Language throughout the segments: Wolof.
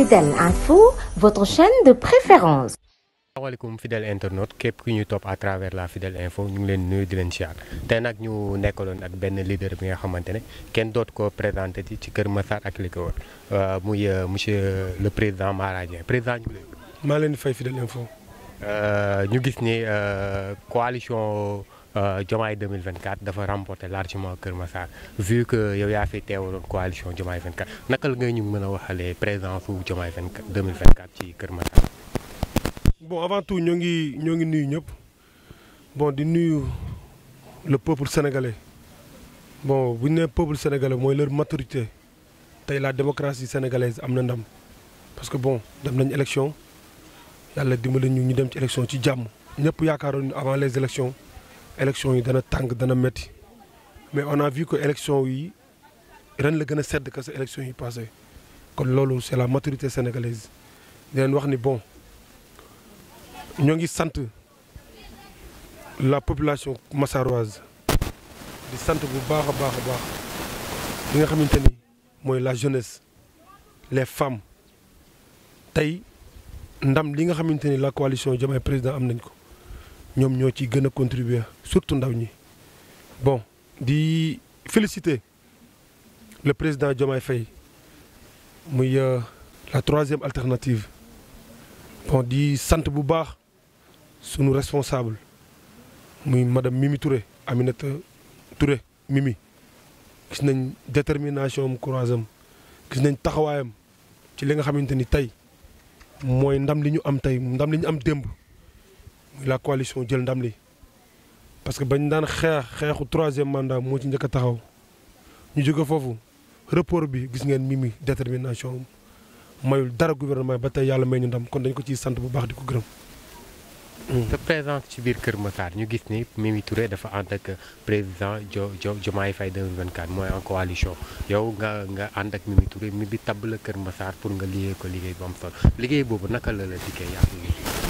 Fidèle Info, votre chaîne de préférence. asalaamaaleykum fidèle internaute képp ku ñu top à travers la Fidèle Info ñu ngi leen nuyu di leen siyaar tey nak ñu nekkaloon ak benn leader bi nga xamante ne kenn doot ko présenté ci Kër Massar ak li ko wër euh, muy euh, monsieur le président Mara président ñu leen. maa leen di fay Fidèle Info. Euh, ñu gis ni coalition. Euh, Diomaye 2024 dafa remporter largement Kër Massar vu que yow ya fi une coalition Diomaye 24 2024, la ngay ñu mëna a présence 2024 ci Kër bon avant tout nous ngi ñoo bon di nuyu le peuple sénégalais bon bu le peuple sénégalais moy leur maturité tay la démocratie sénégalaise est ndam parce que bon dem nañ élection yalla dimbali ñu ñu dem ci élection ci jamm ñëpp yaakaaroon avant les élections élection yi Tang, dans dana métti mais on a vu que élection yi ren la gën a que sa élection yi passé kon loolu c'est la maturité sénégalaise di Noirs wax ni bon ñoo ngi la population massaroise di sant bu baax a baax baax nga la jeunesse les femmes tey ndam li nga xamante la coalition Diomaye président am nañ ko ñom ñoo ci gën contribuer surtout ndaw ñi bon di féliciter le président Diomaye Faye muy euh, la troisième alternative bon di sant bu baax sunu responsable muy madame Mimi Touré Aminata Touré Mimi gis nañ détermination am courage am gis nañ taxawayam ci li nga xamanteni tay moy ndam li ñu am tay ndam li ñu am demb. la coalition jël ndam li parce que bañ daan xeex xeexu troisième mandat moo ci njëkk taxaw ñu jóge foofu rapport bi gis ngeen Mimi détermination mayul dara gouvernement ba tey yàlla may ñu ndam kon dañ ko ci sant bu baax di ko gërëm. sa hmm. présence ci biir Kër Massar ñu gis ni Mimi ture dafa ànd ak président Jo Jo Diomaye Faye 2024 mooy en coalition yow nga nga ànd ak Mimi Touré mi bi tabb la Kër Massar pour nga liggéey ko liggéey bu am liggéey boobu naka la la dikkee yaa ngi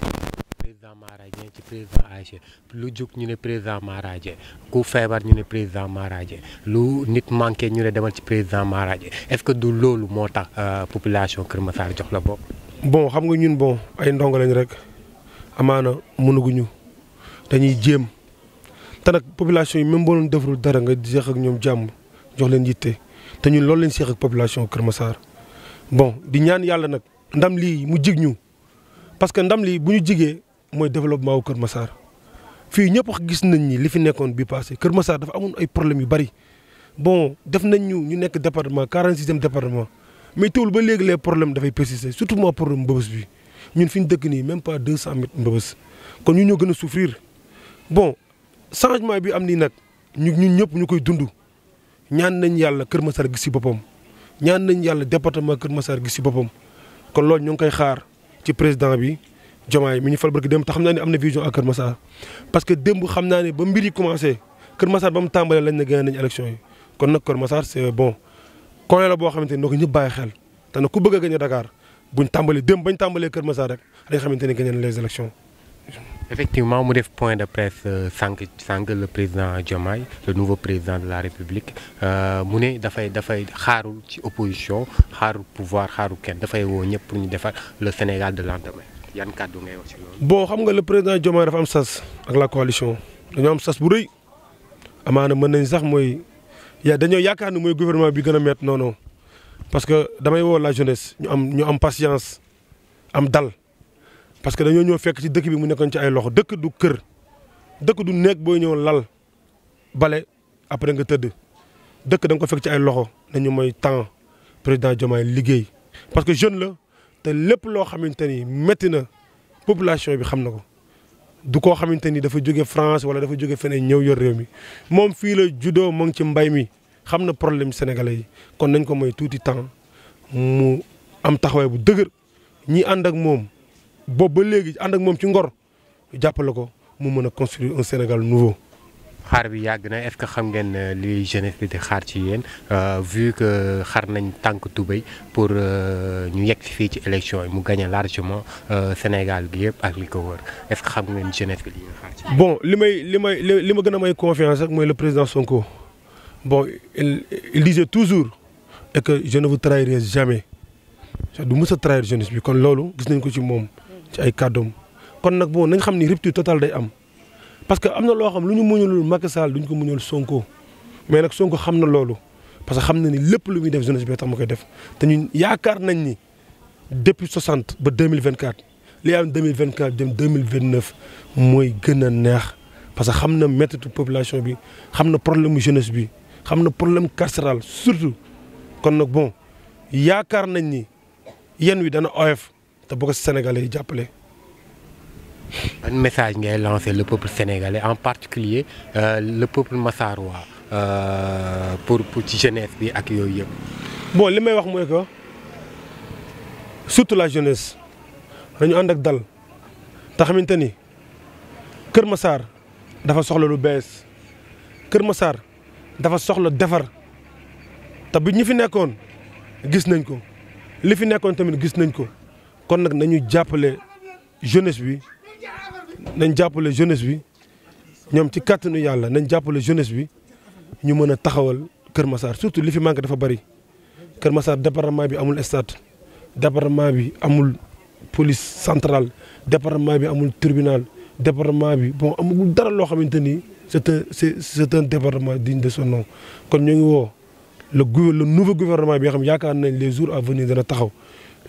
Mara Dieng ci président ASC lu jug ñu ne président Mara Dieng ku feebar ñu ne président Mara Dieng lu nit manqué ñu ne demal ci président Mara Dieng est-ce que du loolu moo tax euh, population Kër Massar jox la bopp. bon xam nga ñun boo ay ndongo lañ rek amaana mënaguñu dañuy jéem te nag population yi même boo leen dara nga jeex ak ñoom jàmm jox leen yitte te ñun loolu lañ seex ak population Kër Massar bon di ñaan yàlla nag ndam lii mu jig ñu parce que mooy développement wu Kër Massar fii ñëpp gis nañ ñi li fi nekkoon bi passé Kër Massar dafa amoon ay problèmes yu bari bon def nañ ñu ñu nekk département 46e département mais teewul ba léegi les problèmes dafay persister surtout moi problème mbëbës bi ñun fi ñu dëkk nii même pas 200 mètres mbëbës kon ñu ñoo gën a souffrir bon changement bi am nii nag ñu ñëpp ñu koy dund ñaan nañ yàlla Kër Massar gis ci boppam ñaan nañ yàlla département Kër Massar gis ci boppam kon loolu ñu ngi koy xaar ci président bi. Diomaye mi ñu fal barki dem te xam naa ne am na vision ak Kër massa parce que démb xam naa ne ba mbir yi commencé Kër massa ba mu tàmbalee lañ ne gagné nañu élection yi kon nag Kër Massar c'est bon coin la boo xamante ni ko ñëpp bàyyi xel te ku bëgg a gagné Dakar buñ tàmbalee démb bañ tàmbalee Kër massa rek dañ xamante ni gagné les élections. effectivement mu def point de presse euh, sànq sànq le président Diomaye le nouveau président de la République euh, mu ne dafay dafay xaarul ci opposition xaarul pouvoir xaarul kenn dafay woo ñëpp pour ñu defar le Sénégal de lendemain yan kàddu ngay wax ci loolu. bon xam nga le président Diomaye dafa am sas ak la coalition dañoo am sas bu rëy amaana mën nañ sax mooy ya dañoo yaakaar ne mooy gouvernement bi gën a métti non non parce que damay woo la jeunesse ñu am ñu am patience am dal parce que dañoo ñëw fekk ci dëkk bi mu nekkoon ci ay loxo dëkk du kër dëkk du nekk booy ñëw lal bale après nga tëdd dëkk da ko fekk ci ay loxo nañu mooy temps président Diomaye liggéey parce que jeune la. le plus loo xamante ni maintenant, population bi la ko du dafa en France wala dafa jóge feneen ñew yor réew mi mom fi la judo mo ngi ci mbay mi xamna problème sénégalais yi kon nañ ko moy touti temps mu am taxawaay bu ñi construire un Sénégal nouveau xaar bi yàgg na est-ce que xam ngeen euh, li jeunesse bi di xaar ci yéen euh, vu que xar nañ tànk tubéy pour euh, ñu yegg si fii ci élection mu gagné largement Sénégal gi yëpp ak li est-ce que xam ngeen jeunesse bi li nga xaar ci. bon li may li may li ma gën a may confiance rek mooy le président Sonko bon il disait toujours et que je ne vous trahirai jamais du mës a trahir jeunesse bi kon loolu gis nañ ko ci moom ci ay kàddoom kon nag bon nañ xam rupture totale day am. parce que am na loo xam lu ñu muñulul Macky Sall duñ ko muñul Sonko mais nag Sonko xam na loolu parce que xam na ni lépp lu muy def jeunesse bi tax ma koy def te ñun yaakaar nañ ni depuis 60 ba 2024 li am 2024 jëm 2029 mooy gën a neex parce que xam na méttitu population bi xam na problème jeunesse bi xam na problème carcéral surtout kon nag bon yaakaar nañ ni yéen wi dana of te boo ko Sénégalais yi jàppale. ban message ngay lancer le peuple sénégalais en particulier euh, le peuple massarois euh, pour pour ci jeunesse bi ak yooyu yëpp. bon li may wax mooy que surtout la jeunesse dañu ànd ak dal te ni Kër Massar dafa soxla lu bees Kër Massar dafa soxla defar te bi ñu fi nekkoon gis nañ ko li fi nekkoon tamit gis nañ ko kon nag nañu jàppale jeunesse bi. nañ jàppale jeunesse bi ñoom ci kàttanu yàlla nañ jàppale jeunesse bi ñu mën a taxawal Kër Massar surtout li fi manqué dafa bari Kër Massar département bi amul stade département bi amul police centrale département bi amul tribunal département bi bon amul dara loo xamante ni c'est un c'est un département digne de son kon ñoo ngi woo le gu le nouveau gouvernement bi nga xam yaakaar nañ les jours à venir dana taxaw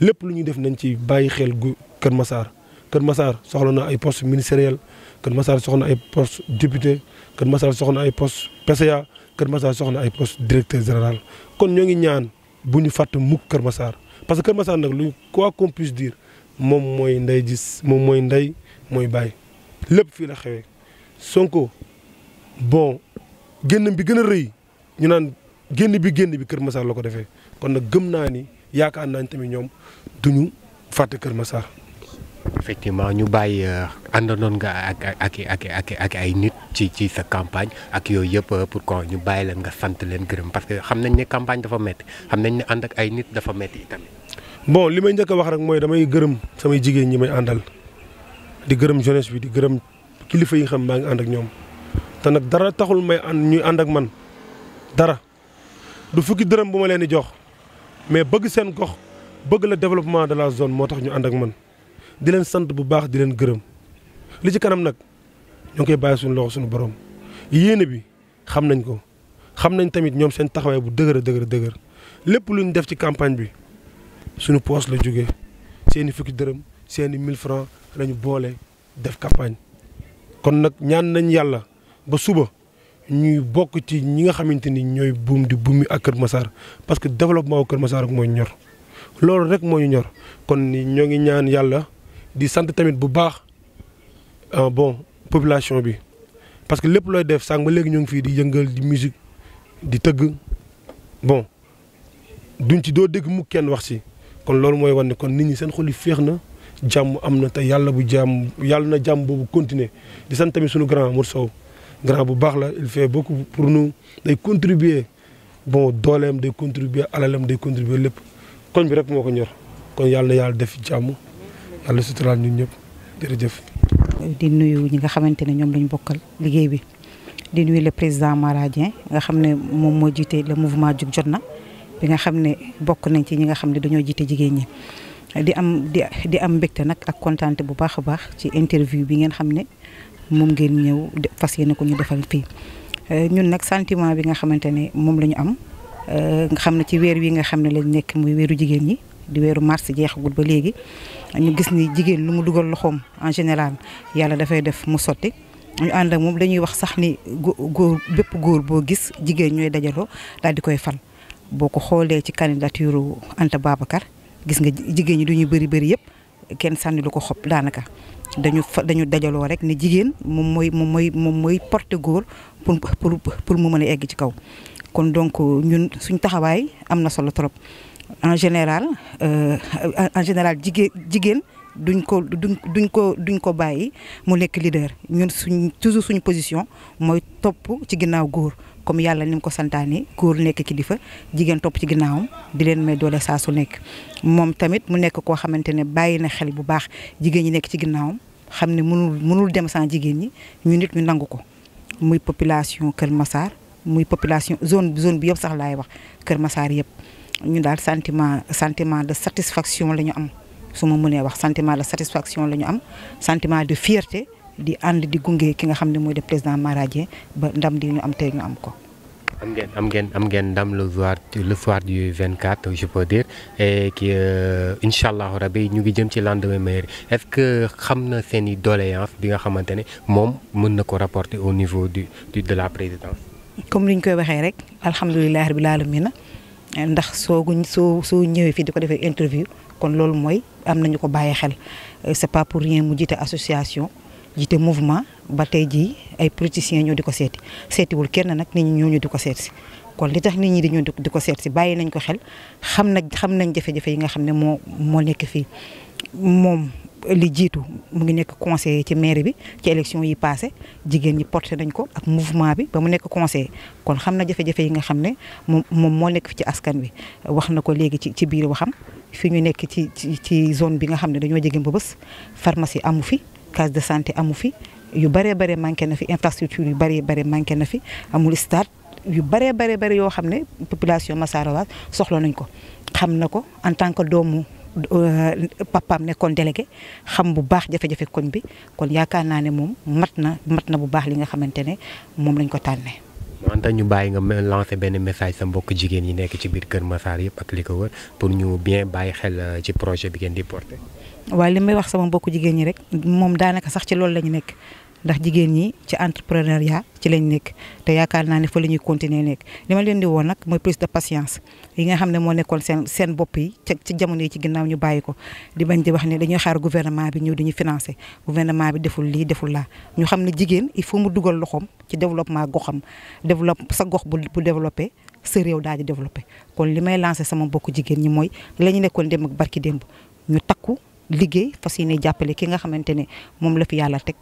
lépp lu ñuy def nañ ci bàyyi xel gu Kër Massar. Kër Massar soxla na ay poste ministériel Kër Massar soxla na ay poste député Kër Massar soxla na ay poste PCA Kër Massar soxla na ay poste directeur général kon ñoo ngi ñaan buñu fat fàtte mukk Kër Massar parce que Kër Massar nak lu quoi qu'on puisse dire mom moy nday gis mom moy nday moy bay lepp fi la xewé Sonko bon genn bi gëna reuy ñu naan genn bi genn bi Kër Massar lako défé kon nak gëm naa ni yaakaar naa tamit duñu Kër Massar effectivement ñu bàyyi euh, andonon nga ak ak ak ak ay nit ci ci sa campagne ak yooyu yep euh, pour ko ñu bàyyi leen nga sant leen gërem parce que xam nañ ni campagne dafa metti xam nañ ni and ak ay nit dafa metti itamit. bon limay ñëk wax rek moy damay gërem samay jigeen ñi may andal di gërem jeunesse bi di gërem kilifa yi xam maa ngi and ak ñom ta nak dara taxul may and ñuy and ak man dara du fukki dërëm buma leen di jox mais bëgg seen gox bëgg la développement de la zone motax ñu and ak man di len sante bu baax di len geureum li ci kanam nak ñong koy baye suñu loxo suñu borom yene bi xam nañ ko xam nañ tamit ñom seen taxaway bu deugere deugere deugere lepp luñ def ci campagne bi suñu poste la jógee seeni fukki deureum seen 1000 francs lañu bolé def campagne kon nak ñaan nañ yalla ba suba ñuy bok ci ñi nga xamanteni ni boom di buumi ak keur Massar parce que développement wu Massar ak moy ñor rek moy ñor kon ñi ñi ñaan yalla di sant tamit bu baax euh, bon population bi parce que lépp looy def sànq ba léegi ñu ngi fii di yëngal di musique di tëgg bon duñ ci doo dégg mu kenn wax si kon loolu mooy wane kon nit ñi seen xol yi féex na jàmm am na te yàlla bu jàmm yàlla na jàmm boobu continuer di sant tamit suñu grand Mour Sow grand bu baax la il fait beaucoup pour nous day contribuer bon dooleem day contribuer alalem day contribuer lépp koñ bi rek moo ko ñor kon yàlla na yàlla def jàmm yàlla suturaal ñun ñëpp jërëjëf. di nuyu ñi nga xamante ne ñoom lañ bokkal liggéey bi di nuy le président Mara Dieng nga xam ne moom moo jiite le mouvement jug jot na bi nga xam ne bokk nañ ci ñi nga xam ne dañoo jiite jigéen ñi. di am di di am mbégte nag ak kontaante bu baax a baax ci interview bi ngeen xam ne moom ngeen ñëw fas yéene ko ñu defal fii euh, ñun nag sentiment bi nga xamante ne moom la ñu am euh, nga xam ne ci weer wi nga xam ne lañ nekk muy weeru jigéen ñi di weeru mars jeexagul ba léegi. ñu gis ni jigéen lu mu dugal loxoom en général yàlla dafay def mu sotti ñu ànd ak moom dañuy wax sax ni góor bépp góor boo gis jigéen ñooy dajaloo daal di koy fan boo ko xoolee ci candidature Anta Babacar gis nga jigéen ñi du ñu bëri bëri yëpp kenn sànni lu ko xob daanaka dañu fa dañu dajaloo rek ni jigéen moom mooy moom mooy moom mooy porte góor pour pour pour mu mën a egg ci kaw kon donc ñun suñ taxawaay am na solo trop. en général euh, en général jigen duñ ko duñ ko duñ ko bayyi mu nek leader ñun suñ toujours suñ position moy top ci ginnaw goor comme yalla nim mu ko santaane góor nekk kilifa jigen top ci ginnaawam di len may dole sa su nek mom tamit mu nek ko xamantene ne na xel bu baax jigen ñi nek ci ginnaawam xamne mënul mënul dem sans jigen ñi ñu nit ñu nangu ko muy population keur Massar muy population zone zone bi yëpp sax lay wax keur Massar yëpp ñu daal sentiment sentiment de satisfaction la am wax sentiment de satisfaction la am sentiment de fierté di and di gungé ki nga xamné moy mooy de président Mara ba ndam di ñu am tey ñu am ko. am ngeen am ngeen am ngeen ndam le soir le soir du 24 je peux dire et que euh, Inshallah, allahu rabi ñu ngi jëm ci lendemain meilleur est-ce que xam na seen i doléance bi nga xamante ne mën na ko rapporter au niveau du du de la présidence. comme ni koy waxé rek alhamdoulillah rabbil alamin ndax soo soo soo ñëwee fii di ko defee interview kon loolu mooy am nañu ko bàyyi xel euh, c'est pas pour rien mu jiite association jiite mouvement ba tey jii ay politiciens ñoo di ko seeti seetiwul kenn nag nit ñi ñoo ñu di ko seet si kon li tax nit ñi di ñoo di ko seet si bàyyi nañ ko xel xam na xam nañ jafe-jafe yi nga xam ne moo moo nekk fii moom li jiitu mu ngi nekk conseiller ci maire bi ci élection yi passé jigéen ñi porté nañ ko ak mouvement bi ba mu nekk conseiller kon xam na jafe-jafe yi nga xam ne moom moom moo nekk fi ci askan bi wax na ko léegi ci ci biir waxam fi ñu nekk ci ci zone bi nga xam ne dañoo jege Mbeubeuss pharmacie amu fi case de santé amu fi yu bëree bare manqué na fi infrastructure yu bëree bare manqué na fi amul stade yu bare bare bëri yoo xam ne population Masara Wa soxla nañ ko xam na ko en tant que doomu Euh, papaam nekkoon délégué xam bu baax jafe-jafe koñ bi kon yaakaar naa ne moom mat na mat na bu baax li nga xamante ne moom lañ ko tànnee. wante ñu bàyyi nga lancé benn message sa mbokk jigéen yi nekk ci biir Kër Massar yëpp ak li ko wër pour ñu bien bàyyi xel euh, ci projet bi ngeen di porté. waaye li may wax sama mbokk jigéen ñi rek moom daanaka sax ci loolu la ñu nekk. ndax jigéen ñi ci entrepreneuriat ci lañ nekk te yaakaar naa ne foo la ñuy continuer nekk li ma leen di woon nag mooy plus de patience yi nga xam ne moo nekkoon seen seen bopp yi ci jamono yi ci ginnaaw ñu bàyyi ko di bañ di wax ne dañuy xaar gouvernement bi ñëw dañuy financer gouvernement bi deful lii deful laa ñu xam ne jigéen il faut mu dugal loxoom ci développement goxam développe sa gox bu bu développé sa réew daal di développé kon li may lancer sama mbokku jigéen ñi mooy la ñu nekkoon démb ak barki démb ñu takku liggéey fas yéene jàppale ki nga xamante ne moom la fi yàlla teg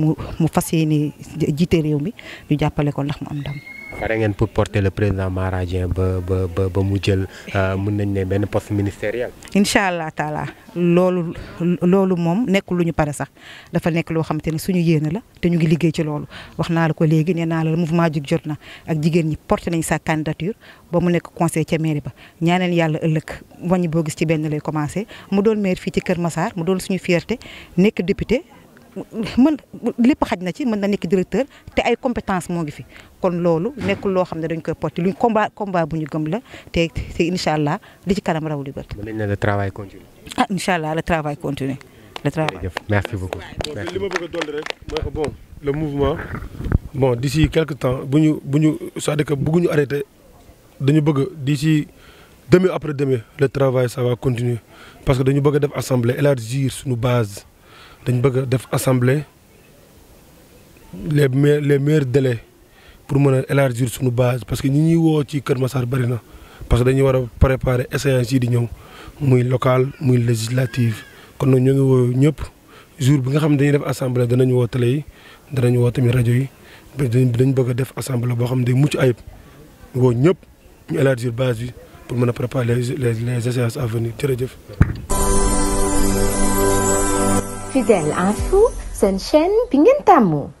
mu mu fas yéene jiite réew mi ñu jàppale ko ndax mu am ndam. pare ngeen pour porter le président Mara ba ba ba ba mu jël euh, mun nañ ne benn poste ministériel. incha allah taala loolu loolu moom nekk lu ñu pare sax dafa nekk loo xamante ni suñu yéene la te ñu ngi liggéey ci loolu wax naa la ko léegi nee naa la mouvement jug jot na ak jigéen ñi porté nañ sa candidature ba mu nekk conseil ca mairie ba ñaaneen yàlla ëllëg wàññi boo gis ci benn lay commencé mu doon maire fii ci Kër Massar mu doon suñu fierté nekk député. man lépp xaj ci mën na nekk directeur te ay compétences mo ngi fi kon lolu nekkul lo xam dañ koy porter luñ combat combat buñu gëm la te te incha allah ci kanam raw li bët. mën nañ le travail continue. ah inshallah le travail continue. le travail merci beaucoup. merci li ma bëgg a dolli rek moy ko bon le mouvement bon d'ici quelques temps buñu buñu bu ñu cest dire que bëgguñu arrêté dañu bëgg d'ici demi après demi le travail ça va continuer parce que dañu bëgg def assemblée élargir suñu base. dañ bëgg a def assemblée les me les meilleurs délais pour mën a élargir suñu base parce que ñi ñuy woo ci Kër Massar bari na parce que dañuy war a préparer échéances yi di ñëw muy local muy législative kon nag ñu ngi woo ñëpp jour bi nga xam ne dañuy def assemblée danañ woo télé yi woo tamit rajo yi dañ bëgg a def assemblée boo xam ne day mucc ayib woo ñëpp ñu élargir base bi pour mën a préparer les les les échéances à venir jërëjëf. Fidel Afu, sen pingin Tamu.